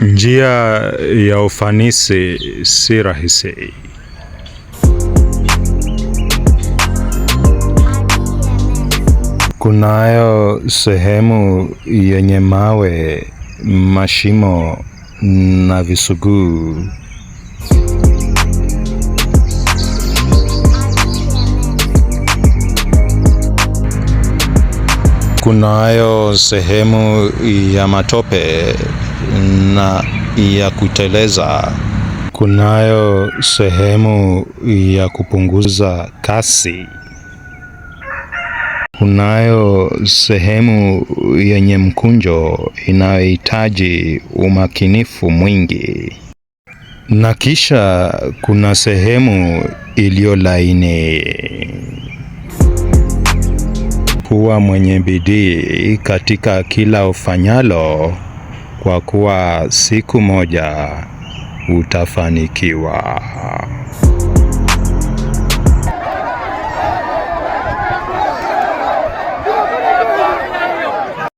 Njia ya ufanisi si rahisi. Kunayo sehemu yenye mawe, mashimo na visuguu. Kunayo sehemu ya matope maana ya kuteleza. Kunayo sehemu ya kupunguza kasi. Kunayo sehemu yenye mkunjo inayohitaji umakinifu mwingi, na kisha kuna sehemu iliyo laini. Kuwa mwenye bidii katika kila ufanyalo kwa kuwa siku moja utafanikiwa.